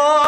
Oh.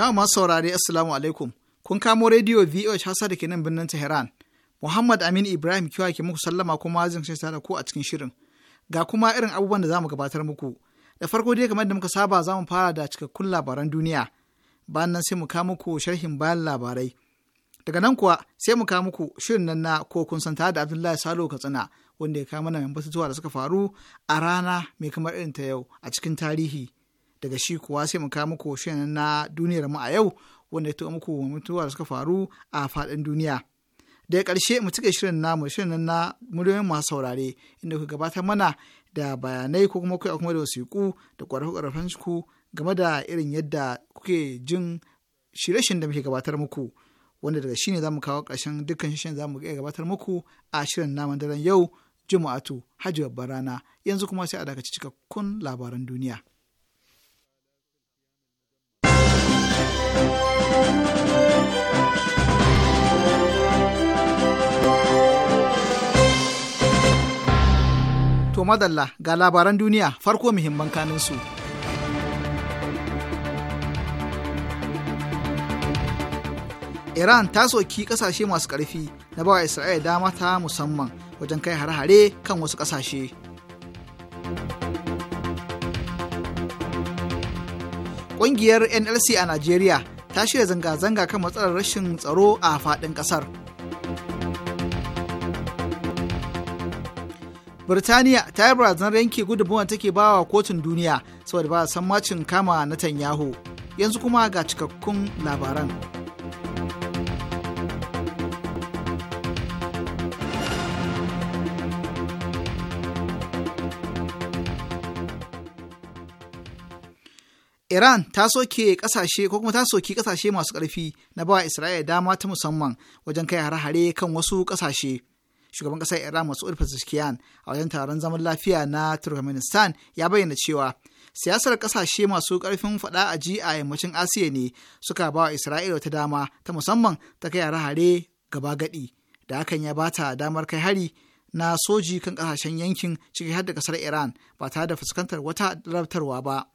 Jama'a masu saurare Assalamu alaikum. Kun kamo rediyo VOH Hausa da ke nan birnin Tehran. Muhammad Amin Ibrahim kiwa ke muku sallama kuma zan ta da ku a cikin shirin. Ga kuma irin abubuwan da za mu gabatar muku. Da farko dai kamar da muka saba za mu fara da cikakkun labaran duniya. Bayan nan sai mu kawo muku sharhin bayan labarai. Daga nan kuwa sai mu kawo muku shirin nan na ko kun santa da Abdullahi Salo Katsina wanda ya kawo mana batutuwa da suka faru a rana mai kamar irin ta yau a cikin tarihi. daga shi kuwa sai mu kawo muku shirin na duniyar mu a yau wanda ya tuka muku mutuwa da suka faru a faɗin duniya daga ƙarshe mu cika shirin na mu shirin na muryoyin masu saurare inda ku gabatar mana da bayanai ko kuma kai kuma da wasiƙu da ƙwarfe-ƙwarfen ku game da irin yadda kuke jin shirye-shiryen da muke gabatar muku wanda daga shine zamu kawo ƙarshen dukkan shirin zamu iya gabatar muku a shirin naman daren yau Juma'atu Hajji Babbar Rana yanzu kuma sai a dakaci cikakkun labaran duniya. To madalla ga labaran duniya farko muhimman kaninsu. Iran ta soki kasashe masu ƙarfi na bawa Isra'ila dama ta musamman wajen kai hare-hare kan wasu ƙasashe. Ƙungiyar NLC a Najeriya ta shirya zanga-zanga kan matsalar rashin tsaro a faɗin ƙasar. Birtaniya ta yi barazanar yanke gudunmuwan take bawa kotun duniya saboda ba san macin kama na Tanyahu. Yanzu kuma ga cikakkun labaran. Iran ta soke kasashe ko kuma ta soki kasashe masu ƙarfi na bawa Isra'ila dama ta musamman wajen kai hare-hare kan wasu kasashe. shugaban ƙasar iran masu pezeshkian a wajen taron zaman lafiya na turkmenistan ya bayyana cewa siyasar kasashe masu karfin fada a ji a yammacin asiya ne suka ba wa isra'ila ta dama ta musamman ta kai hare-hare gaba gadi da hakan ya bata damar kai hari na soji kan kasashen yankin ciki har da kasar iran ba ta da fuskantar wata rabtarwa ba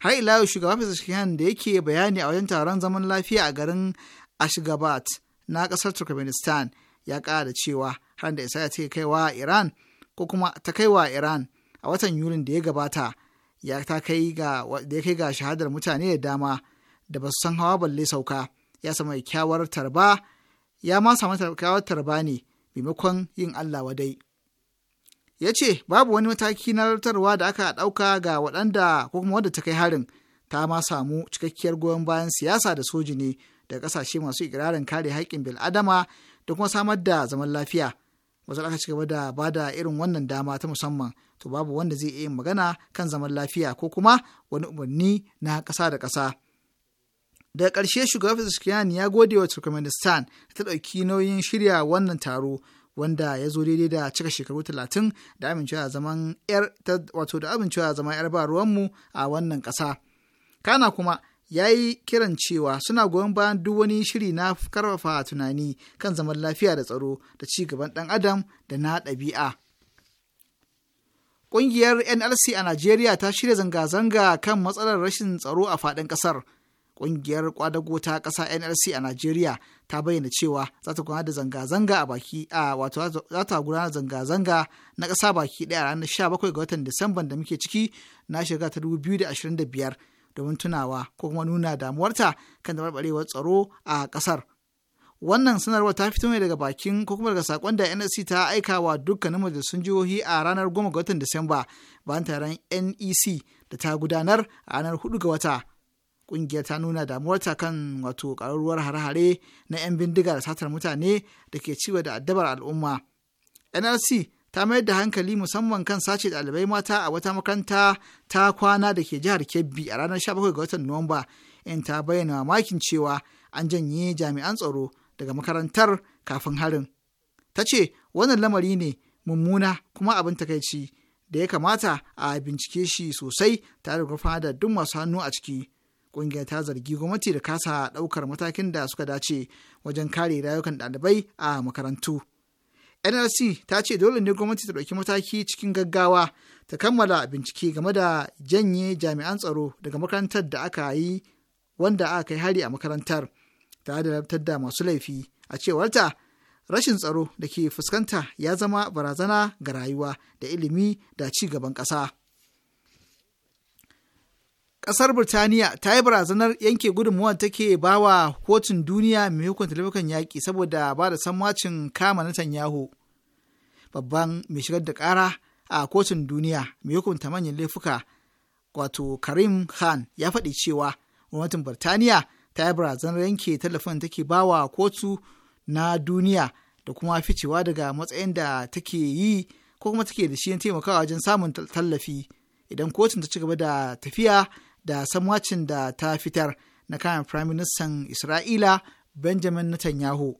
har ila yau shugaban pezeshkian da yake bayani a wajen taron zaman lafiya a garin ashgabat na kasar turkmenistan ya ƙara da cewa har da isa kai kaiwa iran ko kuma ta kaiwa iran a watan yunin da ya gabata ya ta kai ga da ya kai ga shahadar mutane da dama da ba su san hawa balle sauka ya samu kyawar tarba ya ma samu kyawar tarba ne maimakon yin Allah wadai. Ya ce babu wani mataki na rartarwa da aka ɗauka ga waɗanda ko kuma wadda ta kai harin ta ma samu cikakkiyar goyon bayan siyasa da soji ne da ƙasashe masu ikirarin kare haƙƙin bil'adama da kuma samar da zaman lafiya masu aka ci gaba da ba da irin wannan dama ta musamman to babu wanda zai iya magana kan zaman lafiya ko kuma wani umarni na ƙasa da ƙasa. Daga ƙarshe shugaban Pezeshkian ya gode wa Turkmenistan ta ɗauki nauyin shirya wannan taro wanda ya zo daidai da cika shekaru talatin da amincewa zaman yar wato da amincewa zaman yar ba ruwanmu a wannan ƙasa. Kana kuma ya yi kiran cewa suna goyon bayan duk wani shiri na karfafa tunani kan zaman lafiya da tsaro da ci gaban ɗan adam da na ɗabi'a. Ƙungiyar NLC a Najeriya ta shirya zanga-zanga kan matsalar rashin tsaro a faɗin ƙasar. Ƙungiyar kwadago ta ƙasa NLC a Najeriya ta bayyana cewa za ta gudanar da zanga-zanga a baki a wato za ta gudanar zanga-zanga na ƙasa baki ɗaya a ranar 17 ga watan Disamban da muke ciki na shekara ta 2025. domin tunawa ko kuma nuna damuwarta kan dabarbarewar tsaro a ƙasar. Wannan sanarwar ta fito ne daga bakin ko kuma daga sakon da NSC ta aika wa dukkanin majalisun jihohi a ranar 10 ga watan Disamba bayan taron NEC da ta gudanar a ranar hudu ga wata. Ƙungiyar ta nuna damuwarta kan wato ƙararruwar hare-hare na 'yan bindiga da satar mutane da ke ciwo da addabar al'umma. NLC ta mayar da hankali musamman kan sace ɗalibai mata a wata makaranta ta kwana da ke jihar Kebbi a ranar 17 ga watan Nuwamba, in ta bayyana mamakin cewa an janye jami'an tsaro daga makarantar kafin harin. Ta ce, wannan lamari ne mummuna kuma abin takaici da ya kamata a bincike shi sosai tare da gurfana da duk masu hannu a ciki. Ƙungiyar ta zargi gwamnati da kasa ɗaukar matakin da suka dace wajen kare rayukan ɗalibai a makarantu. nlc ta ce dole ne gwamnati ta ɗauki mataki cikin gaggawa ta kammala bincike game da janye jami'an tsaro daga makarantar da aka yi wanda aka kai hari a makarantar tare da rabtar da masu laifi a cewarta rashin tsaro da ke fuskanta ya zama barazana ga rayuwa da ilimi da ci gaban ƙasa kasar Birtaniya ta yi barazanar yanke gudunmuwar take ba wa kotun duniya mai hukunta laifukan yaƙi saboda ba da sammacin kama na Netanyahu. Babban mai shigar da ƙara a kotun duniya mai hukunta manyan laifuka wato Karim Khan ya faɗi cewa gwamnatin Birtaniya ta yi barazanar yanke tallafin take ba wa kotu na duniya da kuma ficewa daga matsayin da take yi ko kuma take da shi taimakawa wajen samun tallafi idan kotun ta ci gaba da tafiya da samwacin da ta fitar na kayan firaministan Isra'ila Benjamin Netanyahu.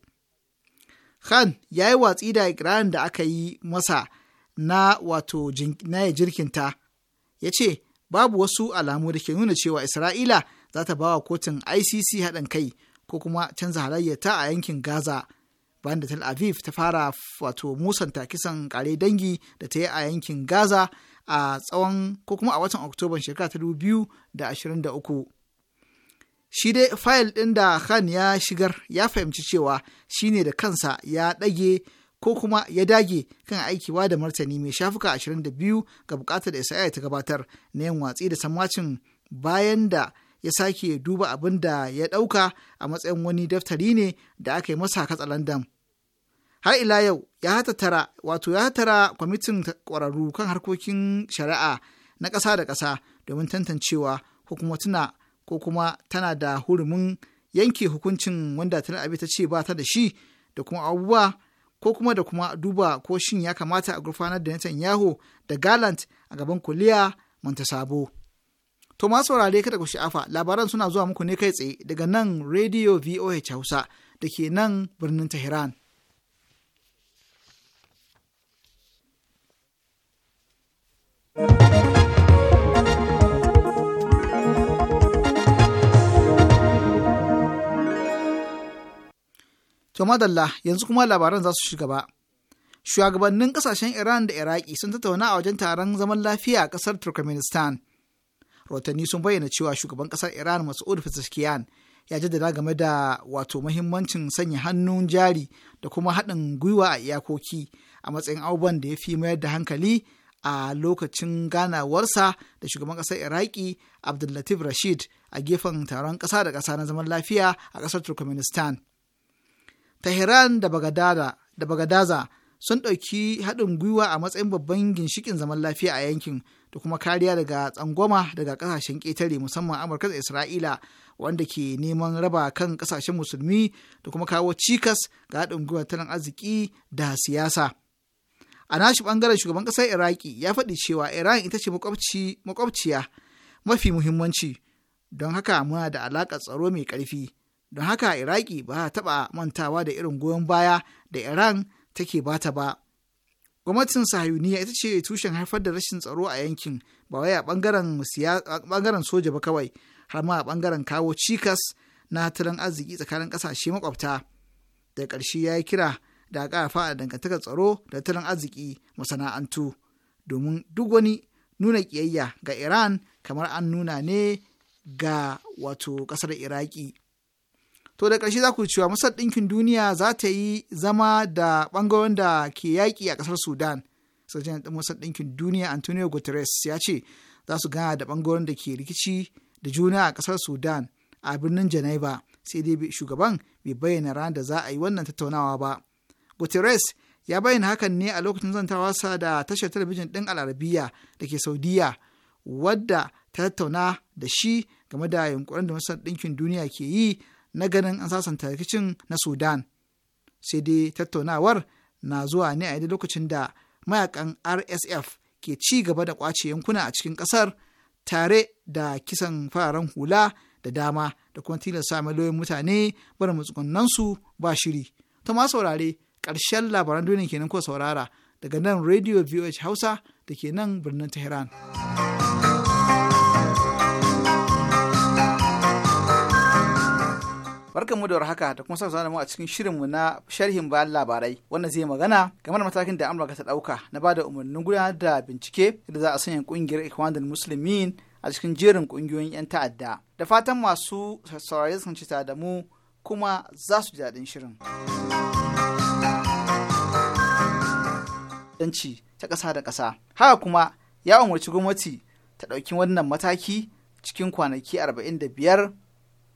Khan ya yi watsi da ikirarin da aka yi masa na wato na jirkinta, ya ce babu wasu alamu da ke nuna cewa Isra'ila za ta bawa kotun ICC haɗin kai ko kuma canza halayyata a yankin Gaza. Bayan da Tel Aviv ta fara wato musanta kisan kare dangi da ta yi a yankin Gaza a tsawon ko kuma a watan oktoban shekara ta biyu da ashirin da uku. Shi dai fayil ɗin da Khan ya shigar ya fahimci cewa shi ne da kansa ya ɗage ko kuma ya dage kan aikiwa da martani mai shafuka ashirin biyu ga bukatar da Isra'ila ta gabatar na yin watsi da sammacin bayan da ya sake duba abin da ya ɗauka a matsayin wani daftari ne da aka yi masa katsalandan har ila yau ya hatattara wato ya kwamitin ƙwararru kan harkokin shari'a na ƙasa da ƙasa domin tantancewa ko kuma tana ko kuma tana da hurumin yanke hukuncin wanda tana abi ta ce ba ta da shi da kuma abubuwa ko kuma da kuma duba ko shin ya kamata a gurfanar da Netanyahu da Gallant a gaban kuliya manta To ma saurare kada ku sha'afa labaran suna zuwa muku ne kai tsaye daga nan Radio VOH Hausa da ke nan birnin Tehran. To madalla yanzu kuma labaran za su shiga ba. Shugabannin kasashen Iran da Iraki sun tattauna a wajen taron zaman lafiya a ƙasar Turkmenistan. Rotanni sun bayyana cewa shugaban ƙasar Iran Mas'ud Pezeshkian ya jaddada game da wato mahimmancin sanya hannun jari da kuma haɗin gwiwa a iyakoki a matsayin abubuwan da ya fi mayar da hankali a lokacin ganawarsa da shugaban ƙasar iraki abdullatif rashid a gefen taron ƙasa da ƙasa na zaman lafiya a ƙasar turkmenistan tehran da bagadaza sun ɗauki haɗin gwiwa a matsayin babban ginshikin zaman lafiya a yankin da kuma kariya daga tsangwama daga ƙasashen ƙetare musamman amurka da isra'ila wanda ke neman raba kan ƙasashen musulmi da kuma kawo cikas ga haɗin gwiwa tattalin arziki da siyasa. a nashi bangaren shugaban kasar iraki ya faɗi cewa iran ita ce makwabciya mafi muhimmanci don haka muna da alaƙar tsaro mai ƙarfi don haka iraki ba taɓa mantawa da irin goyon baya da iran take bata ba gwamnatin sahiyuniya ita ce tushen haifar da rashin tsaro a yankin ba wai a bangaren soja ba kawai har ma a bangaren kawo cikas na tattalin arziki tsakanin ƙasashe makwabta da ƙarshe ya yi kira da ƙara faɗa dangantakar tsaro da tattalin arziki masana'antu domin duk wani nuna ƙiyayya ga iran kamar an nuna ne ga wato ƙasar iraki to da ƙarshe za ku cewa masar ɗinkin duniya za ta yi zama da ɓangaren da ke yaƙi a ƙasar sudan sarjan masar ɗinkin duniya antonio guterres ya ce za su gana da ɓangaren da ke rikici da juna a ƙasar sudan a birnin janaiba sai dai shugaban bai bayyana ranar da za a yi wannan tattaunawa ba Guterres ya bayyana hakan ne a lokacin zantawarsa da tashar talabijin ɗin al'arabiya da ke Saudiya wadda ta tattauna da shi game da yunkurin da Masar Ɗinkin Duniya ke yi na ganin an sasanta rikicin na Sudan. Sai dai tattaunawar na zuwa ne a lokacin da mayakan RSF ke ci gaba da kwace yankuna a cikin ƙasar tare da kisan fararen hula da dama da kuma tilasta miliyoyin mutane barin matsugunansu ba shiri. Ta ma saurare ƙarshen labaran duniya kenan ko saurara daga nan radio voh hausa da ke nan birnin tehran barkanmu da warhaka da kuma sauran mu a cikin shirinmu na sharhin bayan labarai wanda zai magana game da matakin da amurka ta dauka na bada umarnin gudanar da bincike da za a sanya kungiyar ikwadan musulmin a cikin jerin kungiyoyin yan ta'adda da fatan masu saurare sun ci da mu kuma za su ji daɗin shirin. ta'addanci ta ƙasa da ƙasa. Haka kuma ya umarci gwamnati ta ɗauki wannan mataki cikin kwanaki arba'in da biyar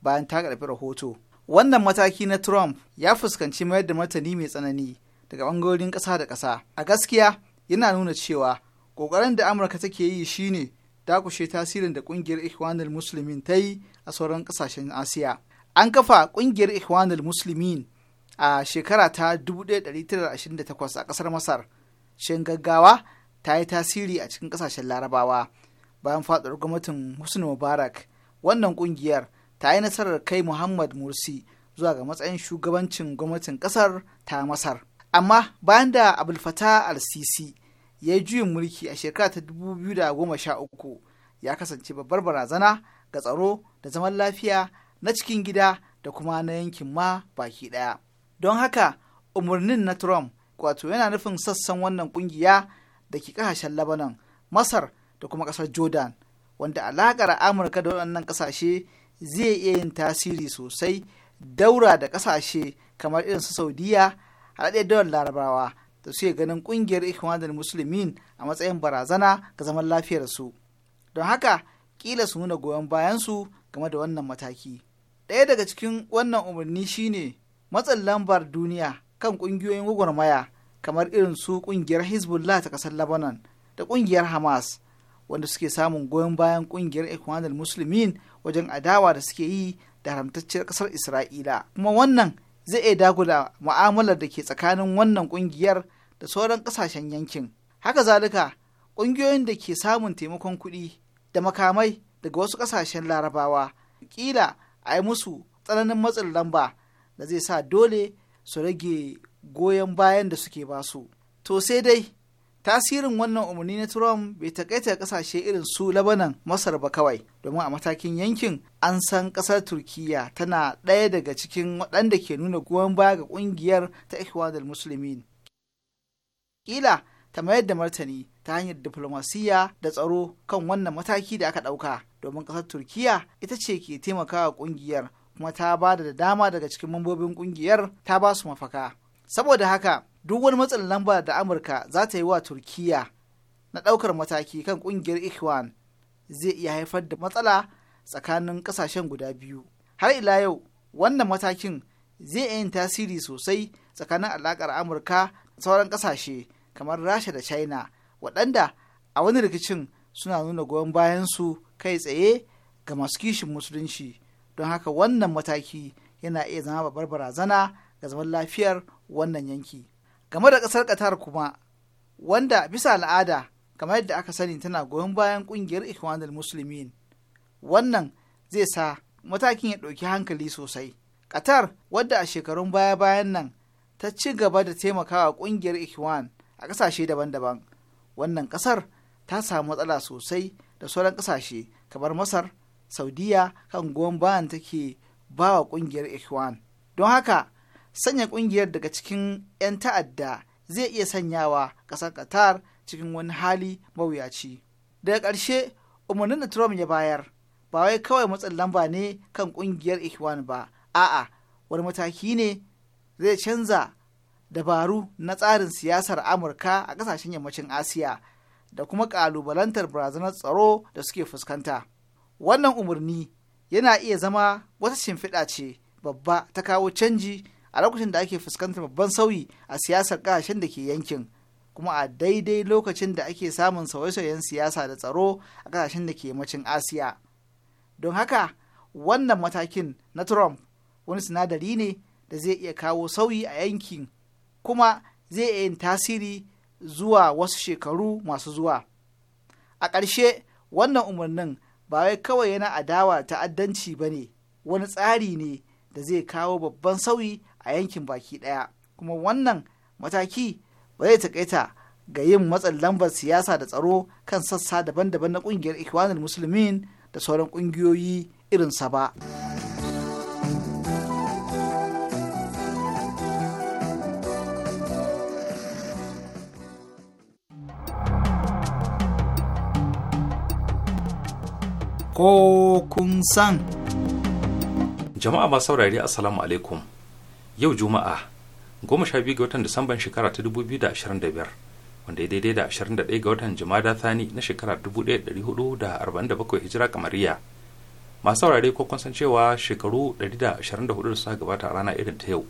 bayan ta karɓi rahoto. Wannan mataki na Trump ya fuskanci mayar da martani mai tsanani daga ɓangarorin ƙasa da ƙasa. A gaskiya yana nuna cewa ƙoƙarin da Amurka take yi shine dakushe tasirin da ƙungiyar Ikhwanul Muslimin ta yi a sauran ƙasashen Asiya. An kafa ƙungiyar Ikhwanul Muslimin a shekara ta 1928 a ƙasar Masar. shin gaggawa ta yi tasiri a cikin ƙasashen larabawa bayan faɗuwar gwamnatin husni mubarak wannan ƙungiyar ta yi nasarar kai muhammad mursi zuwa ga matsayin shugabancin gwamnatin ƙasar ta masar amma bayan da abulfata al-sisi ya yi juyin mulki a shekara ta 2013 ya kasance babbar barazana ga tsaro da zaman lafiya na cikin gida da kuma na yankin ma baki ɗaya. Don haka, umarnin na Trump wato yana nufin sassan wannan kungiya da ke kasashen Labanan, Masar da kuma kasar Jordan, wanda alakar Amurka da waɗannan kasashe zai iya yin tasiri sosai daura da kasashe kamar irin su Saudiya, haɗaɗɗiyar dawar Larabawa da su ganin ƙungiyar Ikhwanul Musulmin a matsayin barazana ga zaman lafiyarsu. Don haka, kila su nuna goyon bayansu game da wannan mataki. Ɗaya daga cikin wannan umarni shine matsin lambar duniya kan ƙungiyoyin gwagwarmaya kamar irin su ƙungiyar hezbollah ta ƙasar lebanon da ƙungiyar hamas wanda suke samun goyon bayan ƙungiyar ikwanul musulmin wajen adawa da suke yi da haramtacciyar ƙasar isra'ila kuma wannan zai iya dagula mu'amalar da ke tsakanin wannan ƙungiyar da sauran ƙasashen yankin haka zalika ƙungiyoyin da ke samun taimakon kuɗi da makamai daga wasu ƙasashen larabawa ƙila a yi musu tsananin matsin lamba da zai sa dole su rage goyon bayan da suke ba su To sai dai tasirin wannan umarni na Trump bai takaita kasashe irin su Labanan Masar ba kawai domin a matakin yankin an san kasar Turkiyya tana ɗaya daga cikin waɗanda ke nuna goyon baya ga ƙungiyar ta Ikhwanul Muslimin. Kila ta mayar da martani ta hanyar diflomasiyya da tsaro kan wannan mataki da aka ɗauka domin ƙasar Turkiyya ita ce ke taimakawa ƙungiyar kuma ta ba da dama daga cikin mambobin kungiyar ta ba su mafaka saboda haka duk wani matsin lamba da amurka za ta yi wa turkiya na ɗaukar mataki kan kungiyar ikhwan zai iya haifar da matsala tsakanin ƙasashen guda biyu har ila yau wannan matakin zai iya yin tasiri sosai tsakanin alaƙar amurka da sauran ƙasashe kamar rasha da china waɗanda a wani rikicin suna nuna goyon bayansu kai tsaye ga masu kishin musulunci don haka wannan mataki yana iya zama babbar barazana ga zaman lafiyar wannan yanki game da ƙasar qatar kuma wanda bisa al'ada kamar yadda aka sani tana goyon bayan ƙungiyar ikhwanul muslimin wannan zai sa matakin ya ɗauki hankali sosai qatar wadda a shekarun baya bayan nan ta ci gaba da taimakawa ƙungiyar ikhwan a ƙasashe daban-daban wannan ƙasar ta samu matsala sosai da sauran ƙasashe kamar masar saudiya kan goyon bayan take ba wa ƙungiyar ikhwan don haka sanya ƙungiyar daga cikin 'yan ta'adda zai iya sanyawa ƙasar qatar cikin wani hali mawuyaci daga ƙarshe umarnin da trump ya bayar ba wai kawai matsin lamba ne kan ƙungiyar ikhwan ba a'a wani mataki ne zai canza dabaru na tsarin siyasar amurka a ƙasashen yammacin asiya da kuma ƙalubalantar barazanar tsaro da suke fuskanta. wannan umarni yana iya zama wata shimfiɗa ce babba ta kawo canji a lokacin da ake fuskantar babban sauyi a siyasar ƙasashen da ke yankin kuma a daidai lokacin da ake samun sauye-sauyen siyasa da tsaro a ƙasashen da ke yammacin asiya don haka wannan matakin na trump wani sinadari ne da zai iya kawo sauyi a yankin kuma zai iya yin tasiri zuwa wasu shekaru masu zuwa a ƙarshe wannan umarnin ba wai kawai yana adawa ta'addanci ba ne wani tsari ne da zai kawo babban sauyi a yankin baki ɗaya kuma wannan mataki ba zai taƙaita ga yin matsan lambar siyasa da tsaro kan sassa daban-daban na ƙungiyar ikwanul musulmin da sauran ƙungiyoyi irinsa ba. ko kun san. Jama'a masu saurari Assalamu alaikum. Yau Juma'a, goma sha biyu ga watan Disamban shekara ta dubu biyu da ashirin da biyar, wanda ya daidai da ashirin da ɗaya ga watan Jumada Thani na shekara dubu ɗaya da ɗari hudu da arba'in da bakwai hijira kamariya. Masu saurari ko kun san cewa shekaru ɗari da ashirin da hudu da suka gabata a rana irin ta yau,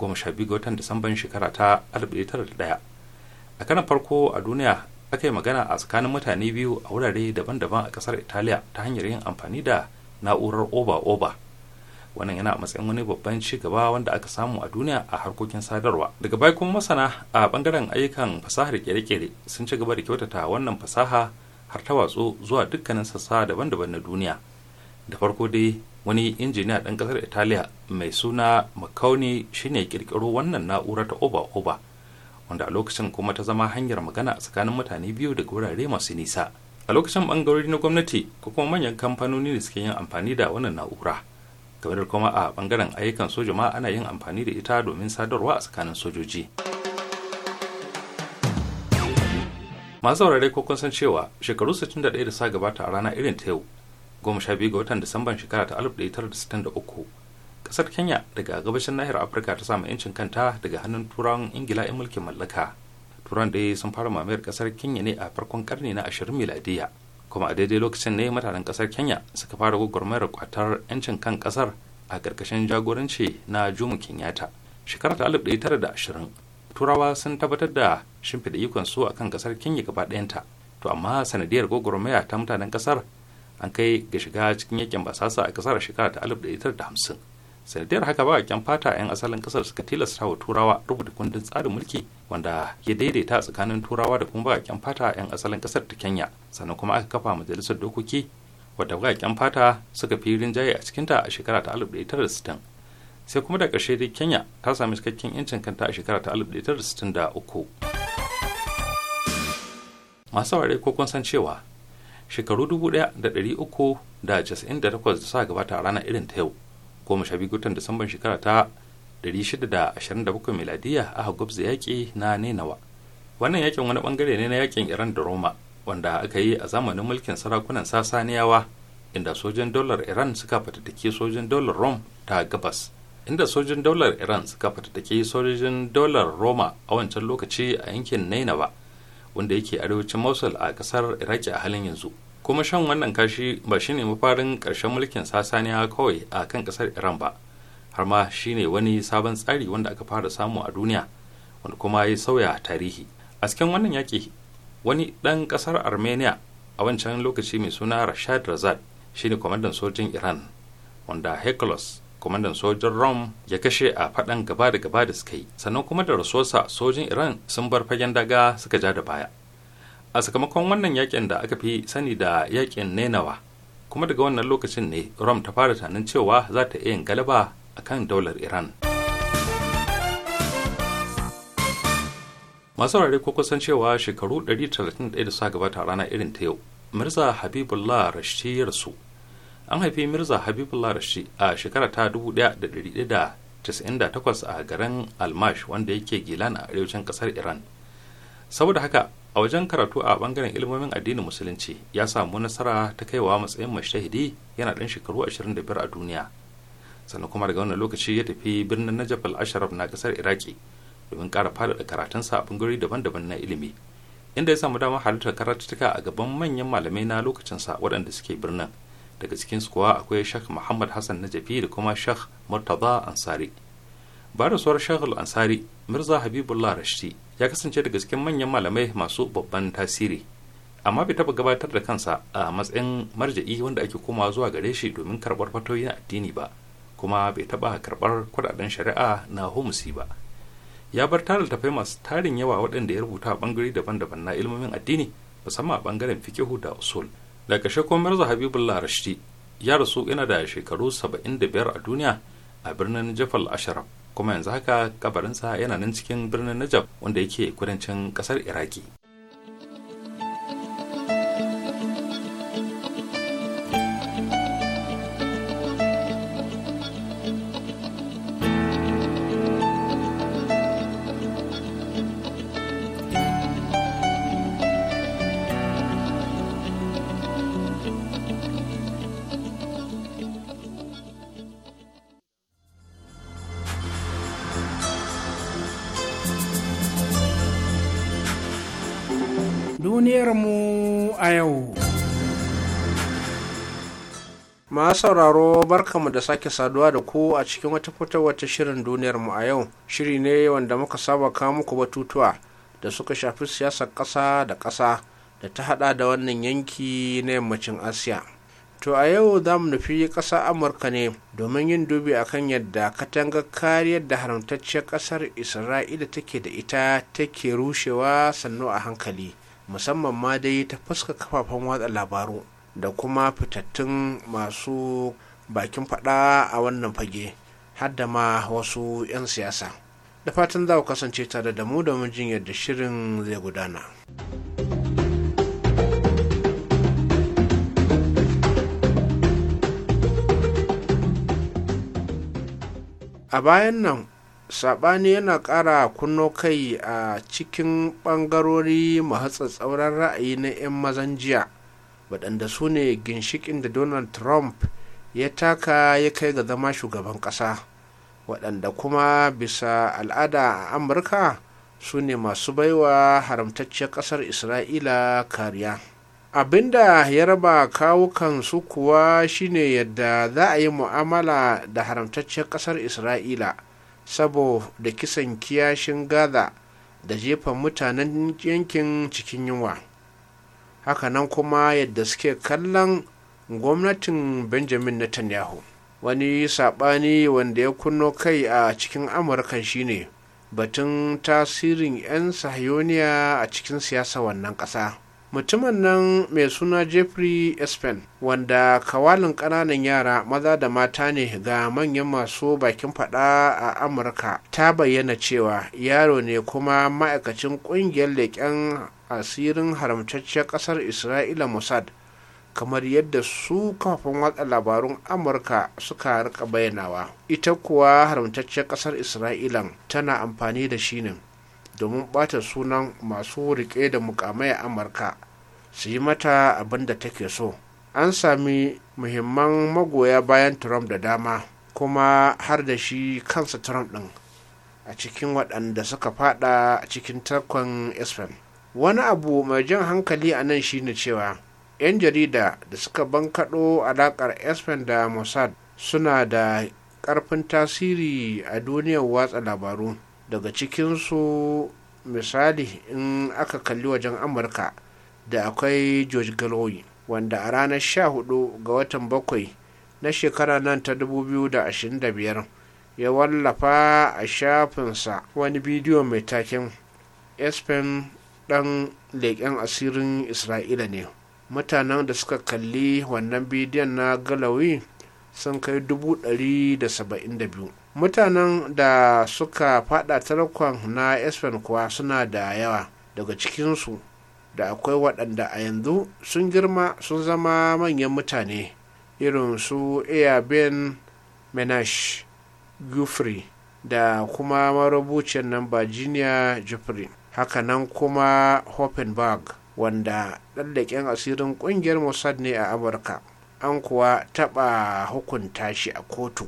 goma sha biyu ga watan Disamban shekara ta alif ɗaya tara da ɗaya. A kanan farko a duniya aka yi magana a tsakanin mutane biyu a wurare daban-daban a kasar italiya ta hanyar yin amfani da na'urar oba-oba wannan yana a matsayin wani babban ci gaba wanda aka samu a duniya a harkokin sadarwa daga baya kuma masana a bangaren ayyukan fasahar kere-kere sun ci gaba da kyautata wannan fasaha har ta watsu zuwa dukkanin sassa daban-daban na duniya da farko dai wani injiniya ɗan ƙasar italiya mai suna makauni shine kirkiro wannan na'ura ta oba-oba wanda a lokacin kuma ta zama hanyar magana a tsakanin mutane biyu daga wurare masu nisa a lokacin bangarori na gwamnati ko kuma manyan kamfanoni da suke yin amfani da wannan na'ura game da kuma a bangaren ayyukan soja ma ana yin amfani da ita domin sadarwa a tsakanin sojoji masu saurare ko kun san cewa shekaru 61 da sa gabata a rana irin ta yau goma sha biyu ga watan disamban shekara ta uku. kasar kenya daga gabashin nahiyar afirka ta samu 'yancin kanta daga hannun turawan ingila 'yan mulkin mallaka turan da sun fara mamayar kasar kenya ne a farkon karni na 20 miladiya kuma a daidai lokacin ne mutanen kasar kenya suka fara gwagwarmayar kwatar 'yancin kan kasar a karkashin jagoranci na jomo kenyatta shekarar ta 1920 turawa sun tabbatar da shimfiɗa ikon su akan kasar kenya gaba ɗayanta to amma sanadiyar gwagwarmaya ta mutanen kasar an kai ga shiga cikin yakin basasa a kasar shekara ta 1950 sanadiyar haka a fata 'yan asalin ƙasar suka tilasta wa turawa rubuta kundin tsarin mulki wanda ya daidaita tsakanin turawa da kuma baƙaƙen fata 'yan asalin kasar ta kenya sannan kuma aka kafa majalisar dokoki wadda baƙaƙen fata suka fi rinjaye a cikinta a shekara ta 1960 sai kuma da karshe dai kenya ta sami cikakken 'yancin kanta a shekara ta 1963 masu ware ko kun san cewa shekaru 1398 da suka gabata a ranar irin ta yau goma sha biyu watan disamban shekara ta 627 miladiya aka gwabza yaƙi na nenawa wannan yakin wani bangare ne na yakin iran da roma wanda aka yi a zamanin mulkin sarakunan sasaniyawa inda sojin dolar iran suka fatattake sojin dolar rom ta gabas inda sojin dolar iran suka fatattake sojin dolar roma a wancan lokaci a yankin nainawa wanda yake arewacin mosul a kasar iraki a halin yanzu kuma shan wannan kashi ba shine mafarin ƙarshen mulkin sasaniya kawai a kan ƙasar iran ba har ma shine wani sabon tsari wanda aka fara samu a duniya wanda kuma ya sauya tarihi a cikin wannan yaƙi wani ɗan ƙasar armenia a wancan lokaci mai suna rashad razad shine kwamandan sojin iran wanda hekulos kwamandan sojin rom ya kashe a faɗan gaba da gaba da suka yi sannan kuma da rasuwarsa sojin iran sun bar fagen daga suka ja da baya a sakamakon wannan yakin da aka fi sani da yakin nenawa kuma daga wannan lokacin ne rom ta fara tunanin cewa za ta iya yin galaba a kan daular iran masu rari ko kusan cewa shekaru 131 da sa gabata rana irin ta yau mirza habibullah rashi ya an haifi mirza habibullah rashi a shekara ta 1998 a garin almash wanda yake gilan a arewacin kasar iran saboda haka a wajen karatu a bangaren ilmomin addinin musulunci ya samu nasara ta kaiwa matsayin mashahidi yana ɗan shekaru 25 a duniya sannan kuma daga wannan lokaci ya tafi birnin najaf al ashraf na ƙasar iraki domin ƙara faɗaɗa karatunsa a bangarori daban-daban na ilimi inda ya samu damar halartar karatuttuka a gaban manyan malamai na lokacinsa waɗanda suke birnin daga cikin su kuwa akwai shak muhammad hassan najafi da kuma shak murtaza ansari Bari da suwar al-ansari mirza habibullah rashidi ya kasance daga cikin manyan malamai masu babban tasiri amma bai taba gabatar da kansa a matsayin marja'i wanda ake komawa zuwa gare shi domin karbar fatoyin addini ba kuma bai taba karbar kudaden shari'a na humusi ba ya bar tarin tafai masu tarin yawa waɗanda ya rubuta a bangare daban-daban na ilmomin addini musamman a bangaren fikihu da usul da ƙarshe kuma mirza habibullah rashidi ya rasu yana da shekaru saba'in da biyar a duniya a birnin jafal asharaf kuma yanzu haka kabarinsa yana nan cikin birnin najaf wanda yake kudancin kasar iraki sauraro barkamu da sake saduwa da ku a cikin wata fata wata shirin duniyar mu a yau shiri ne wanda muka saba kawo muku batutuwa da suka shafi siyasar ƙasa da ƙasa da ta hada da wannan yanki na yammacin asiya to a yau za mu nufi ƙasa amurka ne domin yin dubi a kan yadda katangar kariyar da haramtacciyar ƙasar isra'ila take da ita take rushewa sannu a hankali musamman ma dai ta fuska kafafen watsa labaru da kuma fitattun masu bakin fada a wannan fage hadda ma wasu 'yan siyasa da fatan za ku kasance tare da mu da jin yadda shirin zai gudana. a bayan nan saɓani yana ƙara kunno kai a cikin ɓangarori tsauran ra'ayi na 'yan mazan jiya waɗanda su ne ginshikin da donald trump ya taka ya kai ga zama shugaban ƙasa waɗanda kuma bisa al'ada a amurka su ne masu baiwa haramtacciyar ƙasar isra'ila kariya abinda ya raba kawukan su kuwa shine yadda za a yi mu'amala da haramtacciyar ƙasar isra'ila saboda kisan kiyashin gaza da jefan mutanen yankin cikin yunwa. hakanan kuma yadda suke kallon gwamnatin benjamin netanyahu wani saɓani wanda ya kunno kai a cikin amurka shine batun tasirin 'yan sahiyoniya a cikin siyasa wannan ƙasa mutumin nan mai suna jeffrey espen wanda kawalin ƙananan yara maza da mata ne ga manyan masu bakin fada a amurka ta bayyana cewa yaro ne kuma ma'aikacin ƙungiyar leƙen asirin haramtacciyar ƙasar isra'ila mossad kamar yadda su kafin watsa labarun amurka suka rika bayanawa ita kuwa haramtacciyar ƙasar isra'ila tana amfani da shi ne domin bata sunan masu riƙe da mukamai a amurka su yi mata abin da take so an sami muhimman magoya bayan trump da dama kuma har da shi kansa trump ɗin a cikin waɗanda suka fada cikin takwan espen wani abu mai jan hankali a nan shine cewa 'yan jarida da suka bankaɗo alaƙar espen da mossad suna da ƙarfin tasiri a duniyar watsa labaru daga cikinsu misali in aka kalli wajen amurka da akwai george galloway wanda a ranar 14 ga watan bakwai na shekara nan ta 2025 ya wallafa a shafinsa wani bidiyo mai taken espen ɗan leƙen asirin isra'ila ne mutanen da suka kalli wannan bidiyon na galawi sun kai dubu ɗari da saba'in biyu. mutanen da suka fada tarkon na espen kuwa suna da yawa daga cikinsu da akwai waɗanda a yanzu sun girma sun zama manyan mutane irin su ben menash gufri da kuma marubuciyar nan virginia jeffrey hakanan kuma hoffenberg wanda ɗaddaƙen asirin ƙungiyar mossad ne a amurka an kuwa taɓa hukunta shi a kotu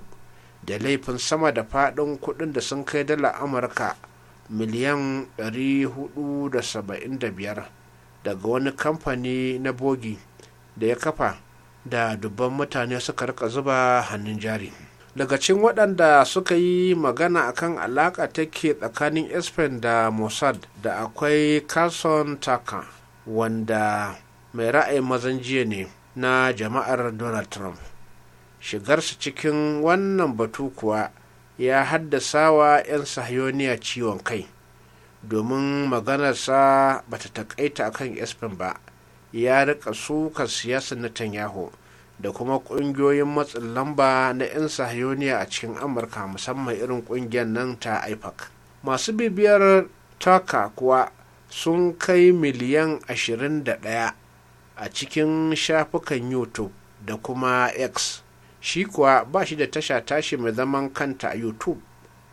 da laifin sama da faɗin kuɗin da sun kai dala amurka miliyan 475 daga wani kamfani na bogi da ya kafa da dubban mutane suka rika zuba hannun jari daga cikin waɗanda suka yi magana akan alaƙa take tsakanin espen da mossad da akwai carson taka wanda mai ra'ayin mazan jiya ne na jama'ar donald trump shigarsa cikin wannan batu kuwa ya haddasa wa 'yan sahiyoniya ciwon kai domin maganarsa bata takaita akan espen ba ya rika suka na tanyahu da kuma kungiyoyin matsin lamba na 'yan sahiyoniya a cikin amurka musamman irin kungiyar nan ta ipac masu bibiyar taka kuwa sun kai miliyan 21 a cikin shafukan youtube da kuma x shi kuwa ba shi da tasha tashi mai zaman kanta a youtube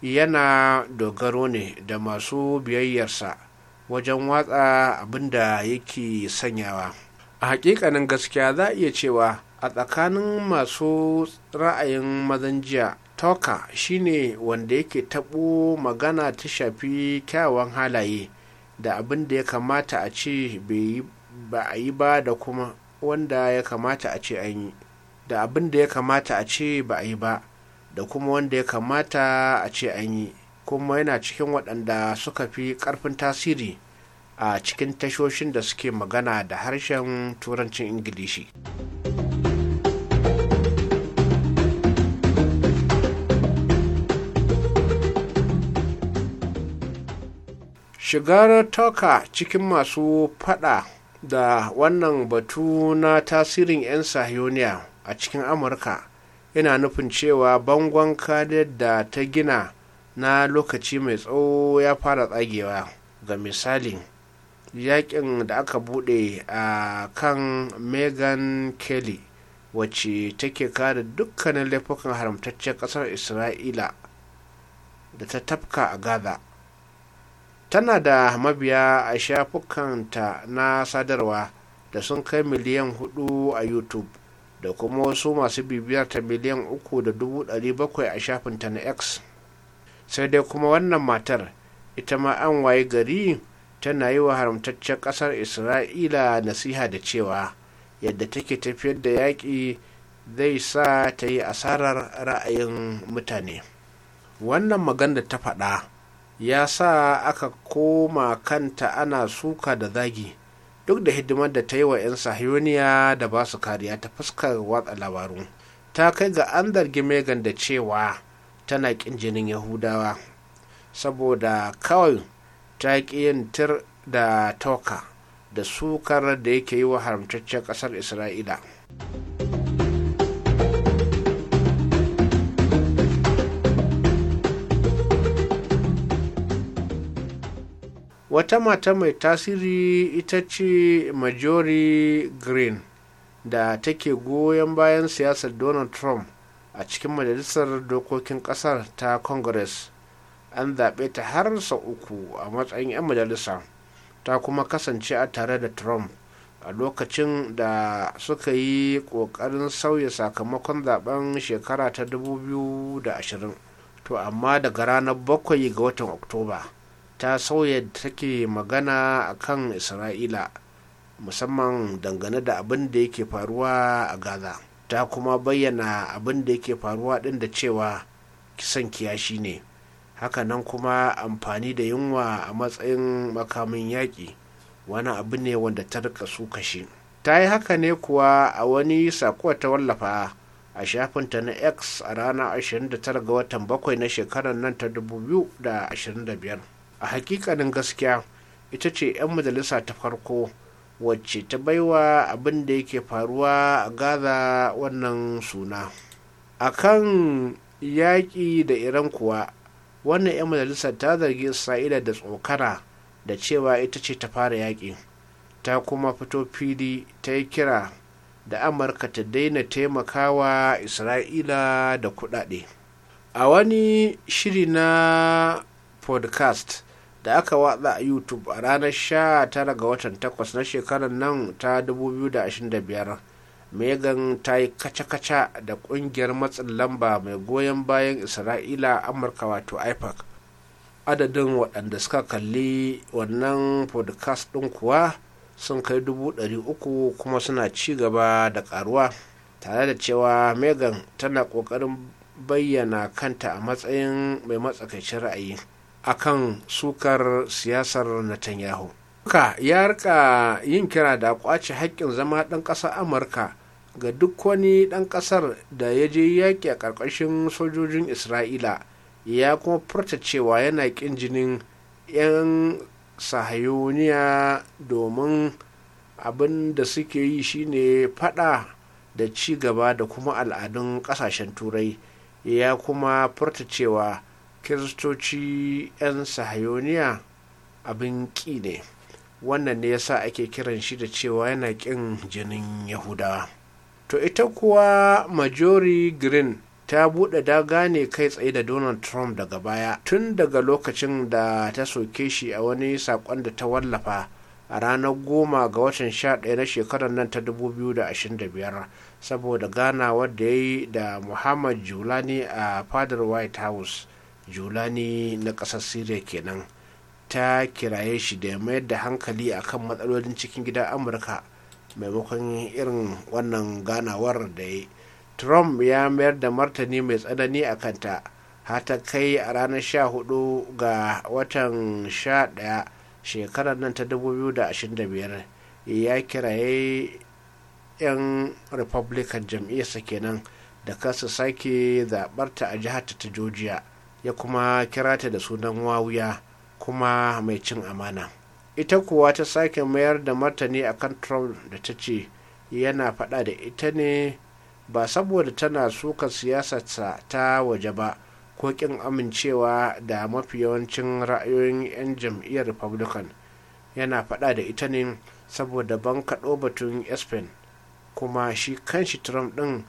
yana dogaro ne da masu biyayyarsa wajen watsa abinda da yake sanyawa a hakikanin gaskiya za a iya cewa a tsakanin masu ra'ayin mazan jiya toka shine wanda yake tabo magana ta shafi kyawawan halaye da abin da ya kamata a ce ba a yi ba da kuma wanda ya kamata a ce an yi da abin da ya kamata a ce ba a yi ba da kuma wanda ya kamata a ce an yi kuma yana cikin waɗanda suka fi ƙarfin tasiri a cikin tashoshin da suke magana da harshen turancin ingilishi. shigar toka cikin masu fada da wannan batu na tasirin 'yan sahiyoniya a cikin amurka yana nufin cewa bangon kadar da ta gina na lokaci mai tsawo ya fara tsagewa ga misali yakin da aka bude a kan megan kelly wacce take kare dukkanin laifukan haramtaccen kasar isra'ila da ta tafka a gaza tana da mabiya a shafukanta na sadarwa da sun kai miliyan hudu a youtube da kuma wasu masu bibiyar ta miliyan uku da dubu ɗari bakwai a shafinta na x sai dai kuma wannan matar ita ma an waye gari tana yi wa haramtaccen ƙasar isra'ila nasiha da cewa yadda take tafiyar da yaƙi zai sa ta yi asarar ra'ayin mutane wannan magana ta faɗa ya sa aka koma kanta ana suka da zagi duk da hidimar da ta yi wa 'yan sahiyoniya da ba su kariya ta fuskar watsa labaru ta kai ga an zargi megan da cewa tana kin jinin yahudawa saboda kawai ta ƙi yin tir da toka da sukar da yake yi wa haramtaccen ƙasar isra'ila wata mata mai tasiri ita ce majori green da take goyon bayan siyasar donald trump a cikin majalisar dokokin kasar ta congress an zaɓe ta har sau uku a matsayin 'yan majalisa ta kuma kasance a tare da trump a lokacin da suka yi ƙoƙarin sauya sakamakon zaben shekara ta 2020 to amma daga ranar bakwai ga watan oktoba ta sauya take magana a kan isra'ila musamman dangane da abin da yake faruwa a gaza ta kuma bayyana abin da yake faruwa din da cewa kisan kiyashi ne hakanan kuma amfani da yunwa a matsayin makamin yaƙi wani abu ne wanda ta rika su kashe ta yi haka ne kuwa a wani sako ta wallafa a shafinta na x a ranar 29 ga watan 7 na shekarar nan ta 2025 a hakikanin gaskiya ita ce 'yan majalisa ta farko wacce ta baiwa abin da yake faruwa a gaza wannan suna a kan yaƙi da iran kuwa wannan 'yan majalisa ta zargi isra'ila da tsokara da cewa ita ce ta fara yaƙi ta kuma fito fili ta yi kira da amurka ta daina taimakawa isra'ila da kuɗaɗe a wani shiri na podcast da aka watsa a youtube a ranar sha tara ga watan takwas na shekarar nan ta 2025 megan ta yi kaca-kaca da kungiyar matsin lamba mai goyon bayan isra'ila amurka wato ipac adadin waɗanda suka kalli wannan podcast ɗin kuwa sun kai dubu ɗari uku kuma suna ci gaba da karuwa tare da cewa megan tana ƙoƙarin bayyana kanta a matsayin mai matsakaicin ra'ayi akan sukar siyasar netanyahu ka ya rika yin kira da kwace haƙƙin zama ɗan ƙasar amurka ga duk wani ɗan ƙasar da ya je yaƙi a ƙarƙashin sojojin isra'ila ya kuma furta cewa yana ƙin jinin 'yan sahayoniya domin abin da suke yi shine fada da ci gaba da kuma al'adun ƙasashen turai ya kuma furta cewa kiristoci 'yan sahayoniya abin ƙi ne wannan ne yasa ake kiran shi da cewa yana ƙin jinin Yahuda. to ita kuwa majori green ta buɗe daga ne kai tsaye da donald trump daga baya tun daga lokacin da ta soke shi a wani saƙon da ta wallafa a ranar goma ga watan sha ɗaya na shekarar nan ta 2025 saboda gana wadda ya yi da muhammad julani a fadar white house julani na ƙasar syria kenan ta kiraye shi da mayar da hankali akan matsalolin cikin gidan amurka maimakon irin wannan ganawar da ya trump ya mayar da martani mai tsanani a kanta hata kai a ranar 14 ga watan 11 shekarar nan ta 2025 ya kiraye 'yan republican jam'iyyarsa kenan da kasu sake zaɓarta a jihar ta georgia ya kuma kira ta da sunan wawuya kuma mai cin amana ita kuwa ta sake mayar da martani a kan trump da ta ce yana faɗa da ita ne ba saboda tana suka siyasarsa ta waje ba ko ƙin amincewa da mafi yawancin ra'ayoyin 'yan jam'iyyar republican yana faɗa da ita ne saboda ban kaɗo batun espen kuma shi kanshi trump ɗin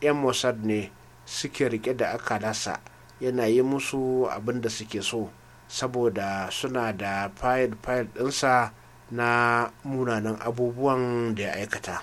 'yan mossad ne suke rike da akalasa yana yi musu abin da suke so saboda suna da fayil-fayil ɗinsa na munanan abubuwan da ya aikata.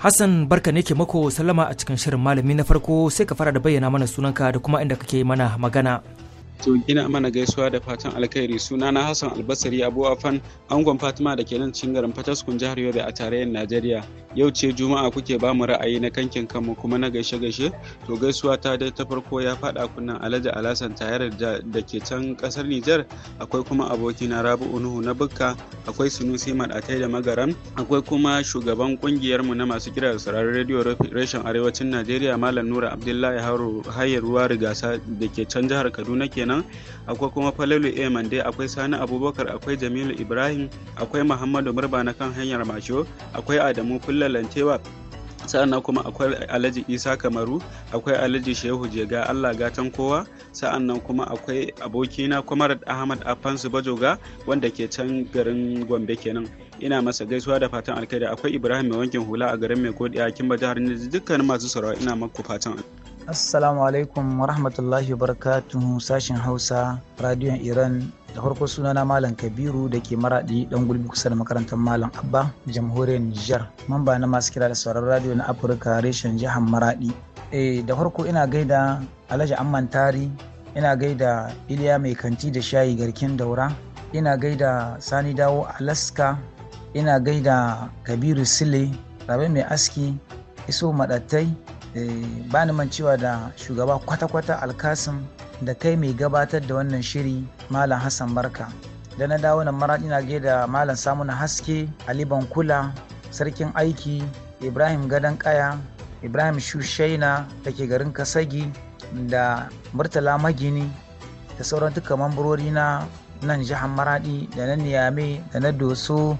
Hassan barka ne ke mako sallama a cikin shirin malami na farko sai ka fara da bayyana mana sunanka da kuma inda kake mana magana. to gina mana gaisuwa da fatan alkhairi suna na Hassan Albasari Abu Afan angon Fatima da ke nan cikin garin Fataskun jihar Yobe a tarayyar Najeriya yau ce juma'a kuke ba mu ra'ayi na kankin kanmu kuma na gaishe gaishe to gaisuwa ta dai ta farko ya faɗa kunnan Alhaji Alasan tayar da ke can kasar Nijar akwai kuma abokina Rabi'u Nuhu na Bukka akwai Sunusi Madatai da Magaran akwai kuma shugaban kungiyar mu na masu kira da sauraron rediyo reshen arewacin Najeriya Malam Nura Abdullahi Hayar Ruwa Rigasa da ke can jihar Kaduna kenan kenan akwai kuma falalu a dai. akwai sani abubakar akwai jamilu ibrahim akwai muhammadu murba na kan hanyar masho akwai adamu kullalantewa sa'annan kuma akwai alhaji isa kamaru akwai alhaji shehu jega allah gatan kowa sa'annan kuma akwai abokina kwamarad ahmad afansu bajoga wanda ke can garin gombe kenan ina masa gaisuwa da fatan alkaida akwai ibrahim mai wankin hula a garin mai godiya kimba jihar ne dukkanin masu sarawa ina maku fatan alkaida Assalamu alaikum wa rahmatullahi barakatuhu sashen Hausa radiyon Iran da farko sunana Malam Kabiru da ke maraɗi ɗan gulbi kusa da makarantar Malam Abba jamhuriyar Nijar mamba na masu kira da sauran radiyo na Afirka reshen jihar maraɗi. Eh da farko ina gaida Alhaji Amman Tari ina gaida Iliya Mai Kanti da Shayi Garkin Daura ina gaida Sani Dawo Alaska ina gaida Kabiru Sile Rabe Mai Aski Iso Maɗattai Eh, ba ni cewa da shugaba kwata-kwata alkasim da kai mai gabatar da wannan shiri malam hassan barka da na dawo nan maraɗi na da malam samuna haske ali bankula sarkin aiki ibrahim gadon kaya ibrahim shushaina da ke garin kasagi da murtala magini da sauran duka mambarori na nan jihar maraɗi da na niyame da na doso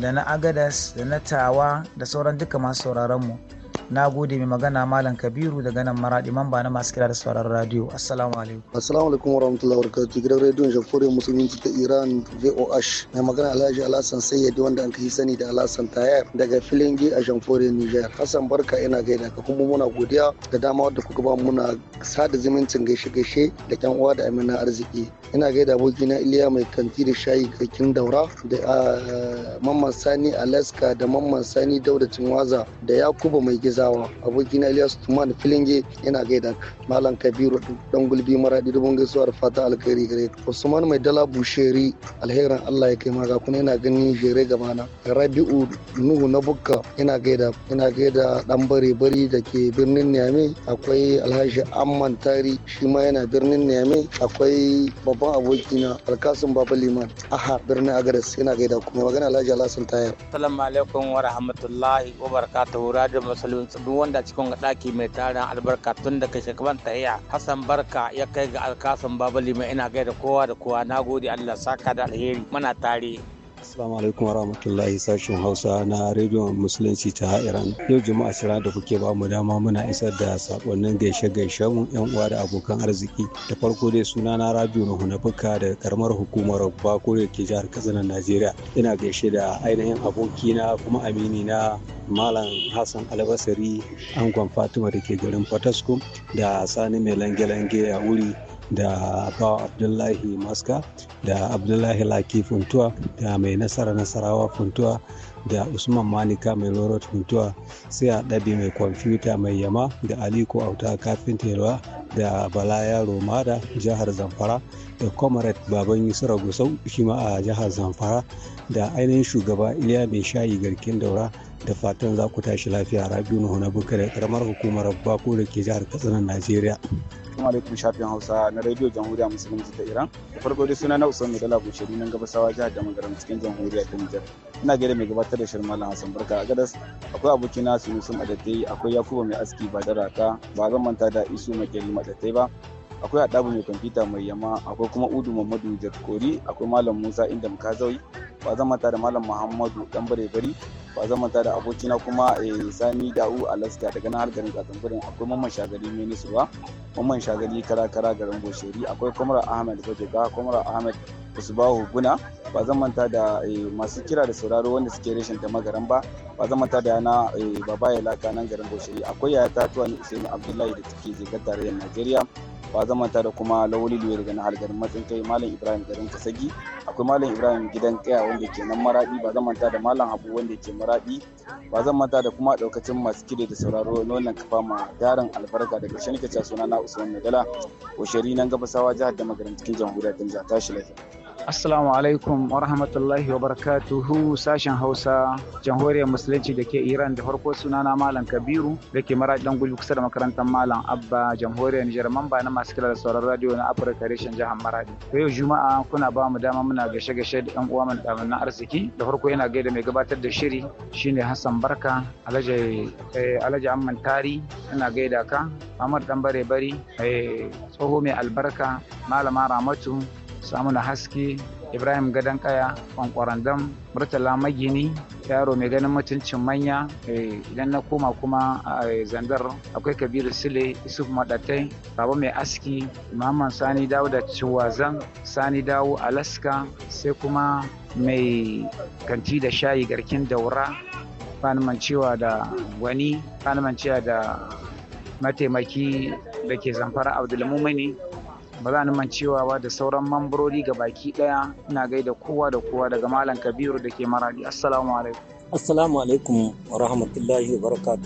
da na agadas da na tawa da sauran duka masu sauraronmu mu na gode mai magana malam kabiru daga nan maradi mamba na masu kira da sauran radio assalamu alaikum assalamu alaikum wa rahmatullahi wa barakatuh gidan rediyon jamhuriyar musulunci ta iran voh mai magana alhaji alhassan sayyadi wanda an kai sani da alhassan tayar daga filin filingi a jamhuriyar niger hassan barka ina gaida ka kuma muna godiya da dama wadda kuka ba muna sada zumuncin gaishe gaishe da yan uwa da amina arziki ina gaida aboki na iliya mai kanti da shayi kakin daura da ah, mamman sani alaska da mamman sani dauda cinwaza da yakuba mai giza Gezawa abokina Ilyas Tuman Filinge yana gaida Malam Kabiru dan gulbi maradi dubun gaisuwa da fata alkhairi gare Usman Mai Dala Busheri alherin Allah ya kai maka kuna yana ganin jere gaba na. Rabi'u Nuhu na Bukka yana gaida yana gaida dan bare bari da ke birnin Niamey akwai Alhaji Amman Tari shi ma yana birnin Niamey akwai babban abokina Alkasim Baba Liman aha birnin Agres yana gaida kuma magana Alhaji Alhassan Tayar. Assalamu alaikum wa rahmatullahi wa barakatuhu Radio Musulmi tsibin wanda cikin ɗaki mai tarin albarka tun da daga ta tahiya Hassan Barka ya kai ga alkasan Babali mai ina gaida kowa da kowa nagode Allah saka da alheri mana tare. Assalamu alaikum wa rahmatullahi sashen Hausa na rediyon Musulunci ta Iran. Yau juma'a shira da kuke ba mu dama muna isar da sakonnin gaishe-gaishe mu yan uwa da abokan arziki. Da farko dai suna na Rabiu na Nuhunafuka da karamar hukumar Bako ke jihar Katsina Najeriya. Ina gaishe da ainihin abokina kuma amini na Malam Hassan Albasari Angon Fatima da ke garin Fataskum da Sani Mai Lange-Lange a wuri da Abba abdullahi maska da abdullahi laki funtuwa da mai nasara nasarawa funtuwa da usman manika mai lorot funtuwa sai a ɗabi mai kwamfuta mai yama da aliko auta kafin da bala yaro mada jihar zamfara da comrade baban yusra gusau shi ma a jihar zamfara da ainihin shugaba iliya mai shayi garkin daura da fatan za ku tashi lafiya rabiu nuhu na bukare karamar hukumar bako da ke jihar katsina najeriya assalamu alaikum shafin hausa na radio jamhuriya musulunci ta iran da farko dai suna na usman mai dala bushari nan gabasawa jihar da magaram cikin jamhuriya ta nijar ina gaida mai gabatar da shirin malam hassan barka a gadas akwai abokina sunusun adatai akwai Yakubu mai aski ba da raka ba zan manta da isu makeri madatai ba akwai adabu mai kwamfuta mai yama akwai kuma udu mamadu jakori akwai malam musa inda muka zaui ba zan manta da malam muhammadu dan bare bari ba zan da abokina kuma eh, sani da'u alaska daga nan har garin katsangurin akwai mamman shagali nisuwa mamman shagali kara kara garin gosheri akwai kwamra ahmed zabiga kwamra ahmed usbahu guna ba zan da eh, masu kira da sauraro wanda suke reshen da magaran ba ba zan da yana eh, baba ya laka garin gosheri akwai yaya tatuwa ne usaini abdullahi da take zigar tarayyar najeriya ba zan manta da kuma lawali luwe daga na garin matsin kai malam ibrahim garin kasagi akwai malam ibrahim gidan kaya wanda ke nan maradi ba zan manta da malam abu wanda ke maradi ba zan da kuma daukacin masu kire da sauraro nonon kafa ma darin albarka daga shanika suna na usman nadala oshari nan gabasawa jihar da magarin cikin jamhuriyar ta tashi lafiya Assalamu alaikum wa rahmatullahi wa barakatuhu sashen Hausa jamhuriyar musulunci da ke Iran da farko sunana Malam Kabiru da ke mara dan gulbi kusa da makarantar Malam Abba jamhuriyar Nijar mamba na masu kira da sauran radio na Afirka reshen jihar Maradi. To yau Juma'a kuna ba mu dama muna gashe gashe da yan uwa mu da na arziki da farko yana gaida mai gabatar da shiri shine Hassan Barka Alhaji eh, Alhaji Amman Tari ina gaida ka Ahmad Dan Bare Bari eh, tsoho mai albarka Malama Ramatu samuna haske ibrahim gadon kaya dam murtala magini yaro mai ganin mutuncin manya eh, idan na koma kuma a zandar akwai kabiru sile isuf madatai rabu mai aski muhammad sani dawo da ciwazan sani dawo alaska sai kuma mai kanti da shayi garkin daura fanuman cewa da wani fanuman cewa da mataimaki da ke zamfara abdulmumini ba za ni mancewa ba da sauran mambarori ga baki ɗaya ina gaida kowa da kowa daga malam kabiru da ke maradi assalamu alaikum assalamu alaikum wa rahmatullahi wa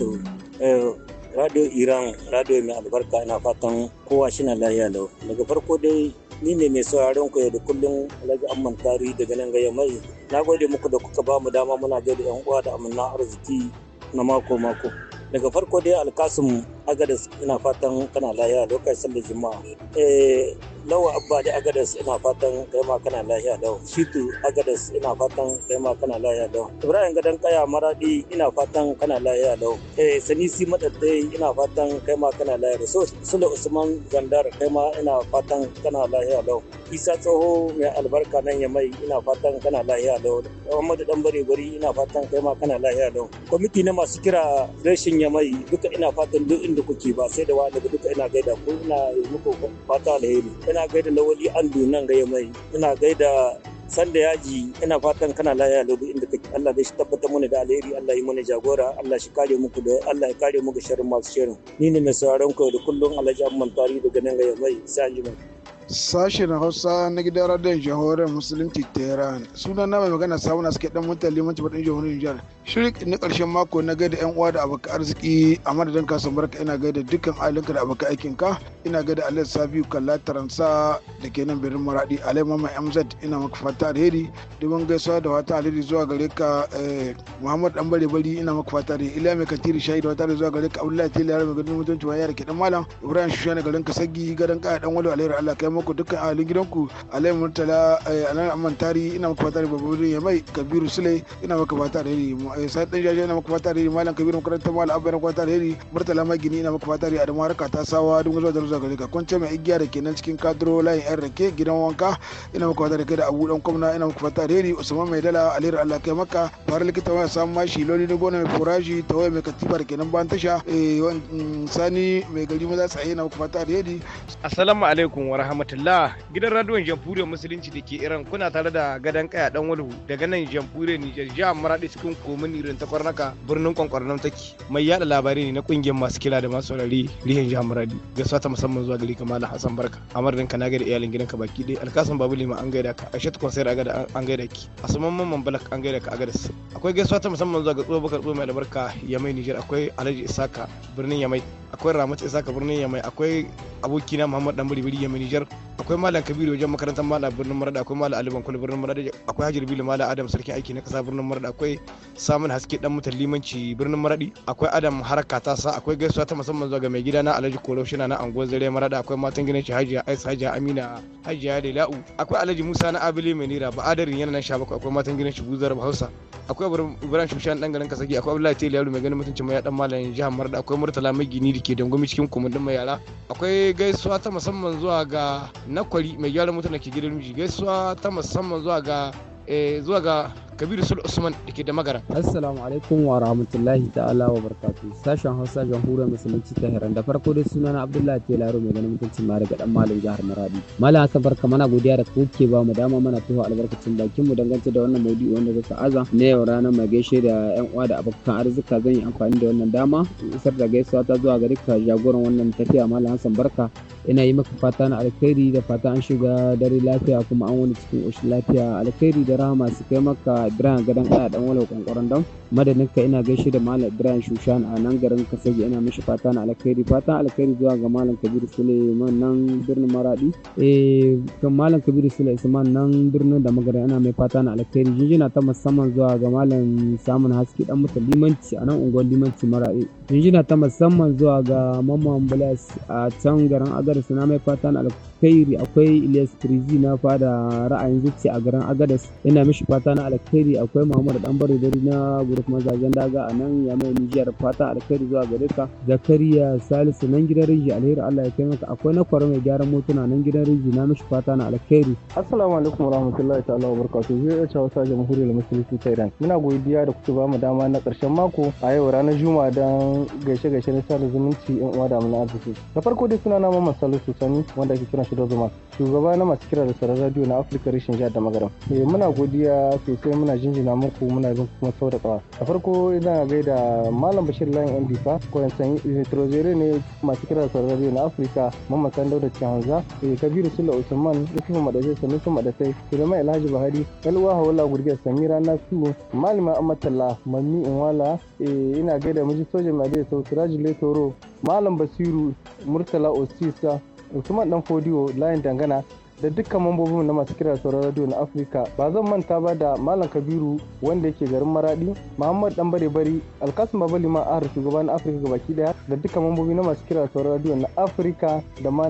eh, radio iran radio mai albarka ina fatan kowa shina lahiya lau daga farko dai ni ne mai sauraron ku da kullum alhaji amman tari daga nan gaya mai na gode muku da kuka ba mu dama muna gaida yan uwa da amanna arziki na mako mako daga farko dai alkasum agadas ina fatan kana lahiya lokacin da juma'a eh, lawa abba da agadas ina fatan kai ma kana lahiya lau shitu agadas ina fatan kai ma kana lahiya da ibrahim gadan kaya maradi ina fatan kana lahiya da eh sanisi madaddai ina fatan kai ma kana lahiya so sule usman gandar kai ma ina fatan kana lahiya da isa tsoho mai albarka nan ya mai ina fatan kana lahiya da muhammadu dan bare gori ina fatan kai ma kana lahiya da kwamiti na masu kira rashin ya mai duka ina fatan duk inda kuke ba sai da wani duka ina gaida ku ina muku fata alheri ina gaida lawali andu nan gaya mai ina gaida sanda yaji ina fatan kana lafiya lodu inda kake Allah dai shi tabbatar mana da alheri Allah yi mana jagora Allah shi kare muku da Allah ya kare muku sharrin masu sharrin ni ne mai sauraron ku da kullun Alhaji Amman Tari daga nan gaya mai sai anjima Sashen Hausa na gidan radiyon jihohar Musulunci Tehran. Suna na mai magana samun suke dan mutan limanci baɗin jihohar Nijar. Shirik na karshen mako na gaida 'yan uwa da abokan arziki a madadin kasuwar ka ina gaida dukkan ahalinka da abokan aikinka. Ina gaida Alhaji Sabiu Kalla Taransa da ke nan birnin Maradi. Alhaji Mama MZ ina maka fata alheri. Domin gaisuwa da wata alheri zuwa gare ka eh, Muhammad Dan Bare Bari ina maka fata alheri. Iliya Mai Katiri shayi da wata alheri zuwa gare ka Abdullahi Tela Yaro Mai Gadon Mutunci Wani Yara dan Malam. Ibrahim Shushana garin Kasagi garin Kaya Dan Walo Alheri Allah kai muku dukkan ahalin gidanku alayhi murtala eh, alayhi amman tari ina muku fata da babban ya mai kabiru sule ina muku fata da yari mu ayi eh, sai dan jaje ina muku fata da yari malam kabiru makaranta mal abba ina muku fata da yari murtala mai gini ina muku fata da yari adamu haraka ta sawa dun zuwa da zuwa gare ka kwance mai igiya da kenan cikin kadro layin yan rake gidan wanka ina muku fata da kai da abu dan kwamna ina muku fata da yari usman mai dala alheri allah kai maka fara likita mai samu mashi loli na gona mai furaji ta tawaye mai katifa da kenan ban tasha eh, mm, sani mai gari maza tsaye ina muku fata da yari assalamu alaikum wa rahmatullahi rahmatullah gidan radiyon jamhuriyar musulunci da ke iran kuna tare da gadon kaya dan walhu daga nan jamhuriyar nijar jihar maradi cikin komin irin ta kwarnaka birnin kwankwarnan take mai yada labarai ne na kungiyar masu kira da masu saurari rihin jihar maradi ga sata musamman zuwa gari kamala hassan barka a amarin ka nagari iyalin gidan ka baki ɗaya alkasan babu lima an gaida ka aishat kwasayar agada an gaida ki a saman mamman balak an gaida ka agadas akwai gaisuwa ta musamman zuwa ga tsohon bakar tsohon mai albarka yamai nijar akwai alhaji isaka birnin yamai akwai ramat isaka birnin yamai akwai abokina muhammad dan biribiri yamai nijar akwai mala kabiru wajen makarantar mala birnin marada akwai mala aliban kwal birnin marada akwai hajar bilu mala adam sarkin aiki na kasa birnin marada akwai samun haske dan mutan limanci birnin maradi akwai adam haraka ta sa akwai gaisuwa ta musamman zuwa ga mai gida na alhaji koro na anguwar zare marada akwai matan gina shi hajiya aisa hajiya amina hajiya la'u akwai alhaji musa na abili mai nira ba adarin yana nan shabaka akwai matan gina shi buzar hausa akwai ibrahim shushan dan garin kasagi akwai abdullahi tele yaro mai ganin mutuncin mai dan malayin jihar marada akwai murtala magini da ke dangwami cikin kumundin mai yara akwai gaisuwa ta musamman zuwa ga na kwari mai gyara mutane ke gidan miji gaisuwa ta musamman zuwa ga eh, zuwa ga kabir sul usman da ke da magara assalamu alaikum wa rahmatullahi ta'ala wa barkatu sashen hausa jamhuriyar musulunci ta hiran da farko dai suna na abdullahi telaro mai ganin mutuncin mara ga dan malam jihar maradi malam haka barka mana godiya da kuke ba mu dama mana tuhu albarkacin bakin mu dangance da wannan maudu'i wanda kuka aza na yau ranar mai gaishe da yan uwa da abokan arzika zan yi amfani da wannan dama isar da gaisuwa ta zuwa ga dukkan jagoran wannan tafiya malam hassan barka ina yi maka fata na alkhairi da fata an shiga dare lafiya kuma an wani cikin ƙoshin lafiya alkhairi da rahama su kai maka ibrahim gadon ana dan walau kwankwaron dan madadin ka ina gaishe da malam ibrahim shushan a nan garin kasage ina mishi fata na alkhairi fatan alkhairi zuwa ga malam kabiru sule nan birnin maradi eh ga malam kabiru sule isman nan birnin da magana ina mai fata na alkhairi jinjina ta musamman zuwa ga malam samun haske dan mutum limanci a nan unguwar limanci maradi jinjina ta musamman zuwa ga mamman bulas a can garin agadas na mai fata na alkhairi akwai ilyas trizi na fada ra'ayin zuci a garin agadas ina mishi fata na alkhairi akwai muhammad dan bari na gudu kuma zagen daga a nan ya mai Nijiyar fatan alkhairi zuwa gare ka Zakariya Salisu nan gidan rinji alheri Allah ya taimaka akwai na kwaro mai gyaran motuna nan gidan rinji na mishi fata na alkhairi Assalamu alaikum warahmatullahi ta'ala Barkatu. zai iya cewa sajin da musulunci ta Iran muna godiya da kuke bamu dama na karshen mako a yau ranar juma'a don gaishe gaishe na sada zumunci yan uwa da mun arziki da farko dai suna na Muhammad Salisu Sani wanda ake kiran shi da Zuma shugaba na masu kira da sarar radio na Afirka Rishin Jihar da Magaram eh, muna godiya sosai muna jinjina muku muna bin kuma sau da a farko ina da malam bashir layin md fa kwansan trozere ne masu kira sarari na afirka mamman sandau da kabiru sula usman yusufu madasai sanusu madasai sulaiman alhaji bahari yalwa hawala gurgiyar samira nasu malima amatalla mammi inwala eh, ina gaida miji soja mai adai sau siraji letoro malam basiru murtala osisa usman dan fodiyo layin dangana da dukkan mambobin na masu kira sauran radio na afirka ba zan manta ba da malam kabiru wanda yake garin maradi muhammad dan bare bari alkasim babali ma ahar shugaban afirka gabaki daya da dukkan mambobi na masu kira sauran radio na afirka da ma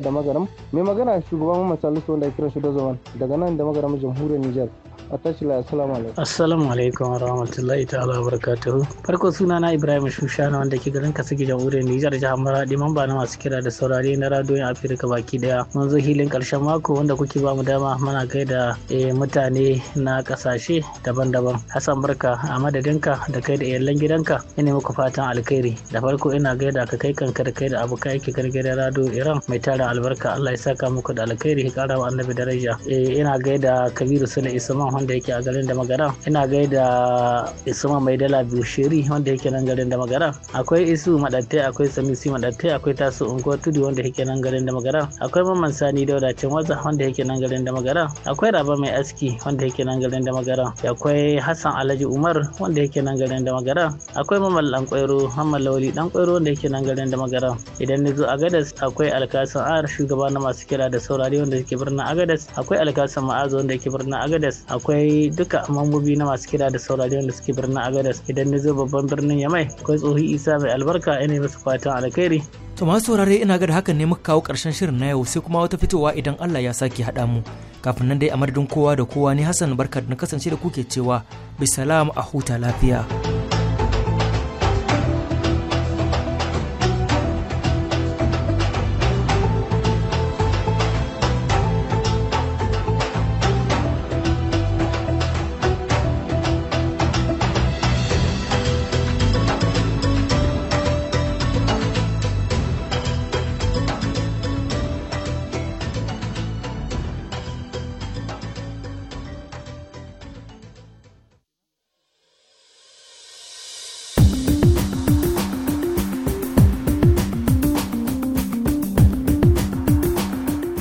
da magaram mai magana shugaban mu salisu wanda ya kira shi da zaman daga nan da magaram jamhuriyar nijar a assalamu alaikum assalamu alaikum warahmatullahi ta'ala barkatu farko suna na ibrahim shushana wanda ke garin kasige jamhuriyar nijar jihar maradi mamba na masu kira da saurare na radiyon afirka baki daya mun zo hilin karshen mako wanda kuke ba mu dama mana kai da eh, mutane na kasashe daban-daban hassan barka a madadinka da kai da iyalan gidanka ina muku fatan alkhairi da farko ina gaida ka kai kanka da kai da abokai ke gargadar rado iran mai tara albarka allah ya saka muku da alkhairi ya kara wa annabi daraja eh, ina gaida kabiru sule Isma wanda yake a garin da magara ina gaida isuma mai dala biyu shiri wanda yake nan garin da magara akwai isu madatte akwai sanusi madatte akwai tasu unko tudu wanda yake nan garin da magara akwai mamman sani dauda cin waza wanda yake nan garin da magara akwai raba mai aski wanda yake nan garin da magara akwai hassan alhaji umar wanda yake nan garin da magara akwai mamman dan kwairo lawali dan kwairo wanda yake nan garin da magara idan ni zo agadas akwai alkasan ar shugaba na masu kira da saurari wanda yake birnin agadas akwai alkasan ma'azo wanda yake birnin agadas akwai akwai duka mambobi na masu kira da saurari wanda suke birnin agadas idan na zo babban birnin yamai akwai tsohi isa mai albarka ina masu fatan alkhairi to masu saurare ina ga da hakan ne muka kawo karshen shirin na yau sai kuma wata fitowa idan allah ya saki haɗa mu kafin nan dai a madadin kowa da kowa ne hassan barka na kasance da kuke cewa bisalam a huta lafiya.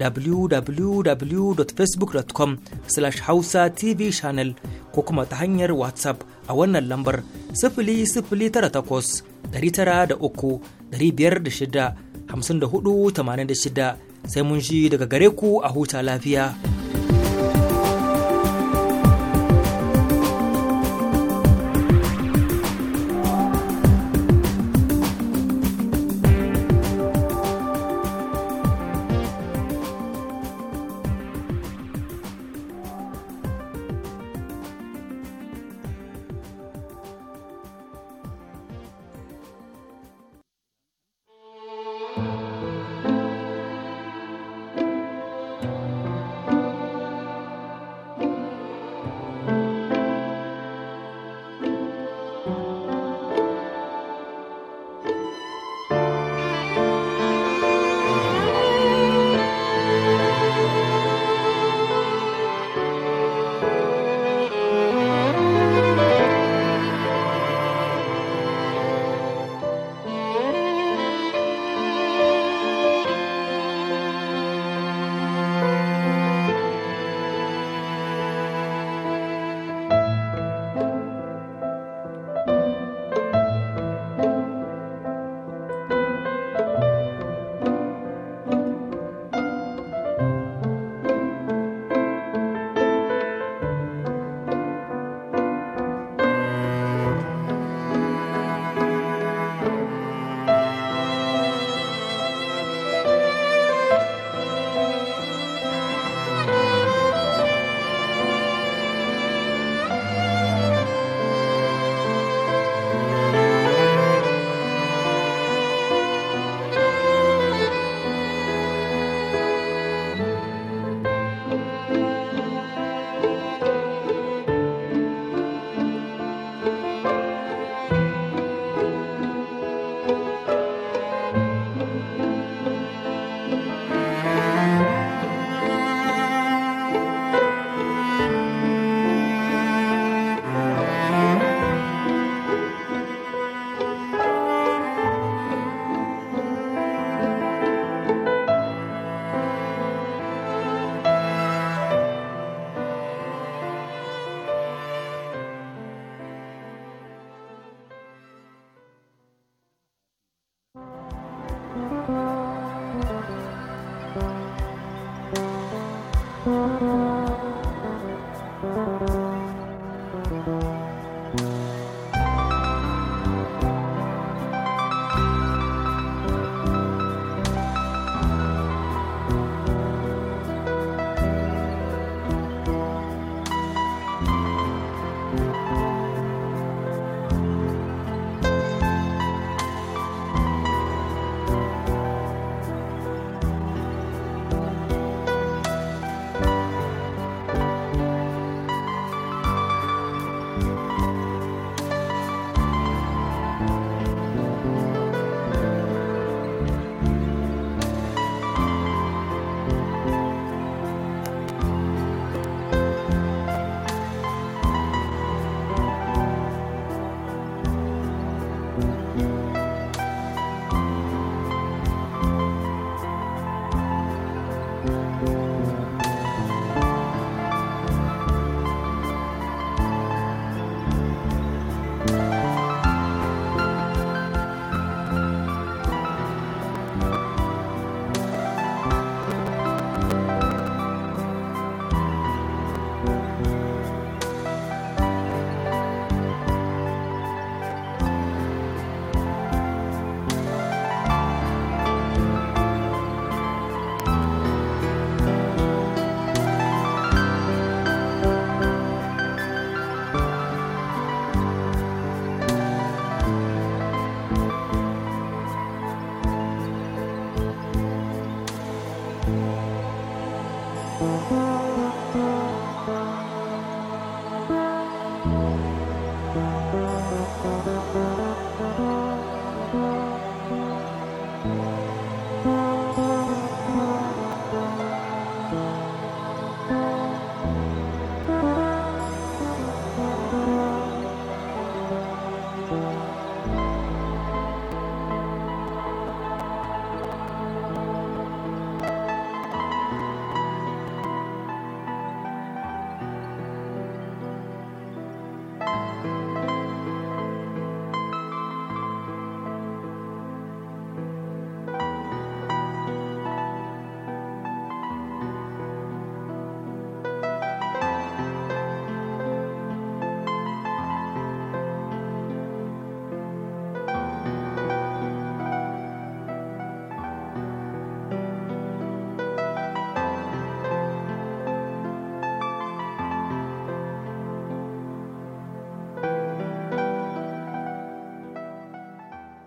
www.facebook.com slash hausa tv channel ko kuma ta hanyar whatsapp a wannan lambar sifili sifili da takwas tara biyar da shida sai mun shi daga gare ku a huta lafiya.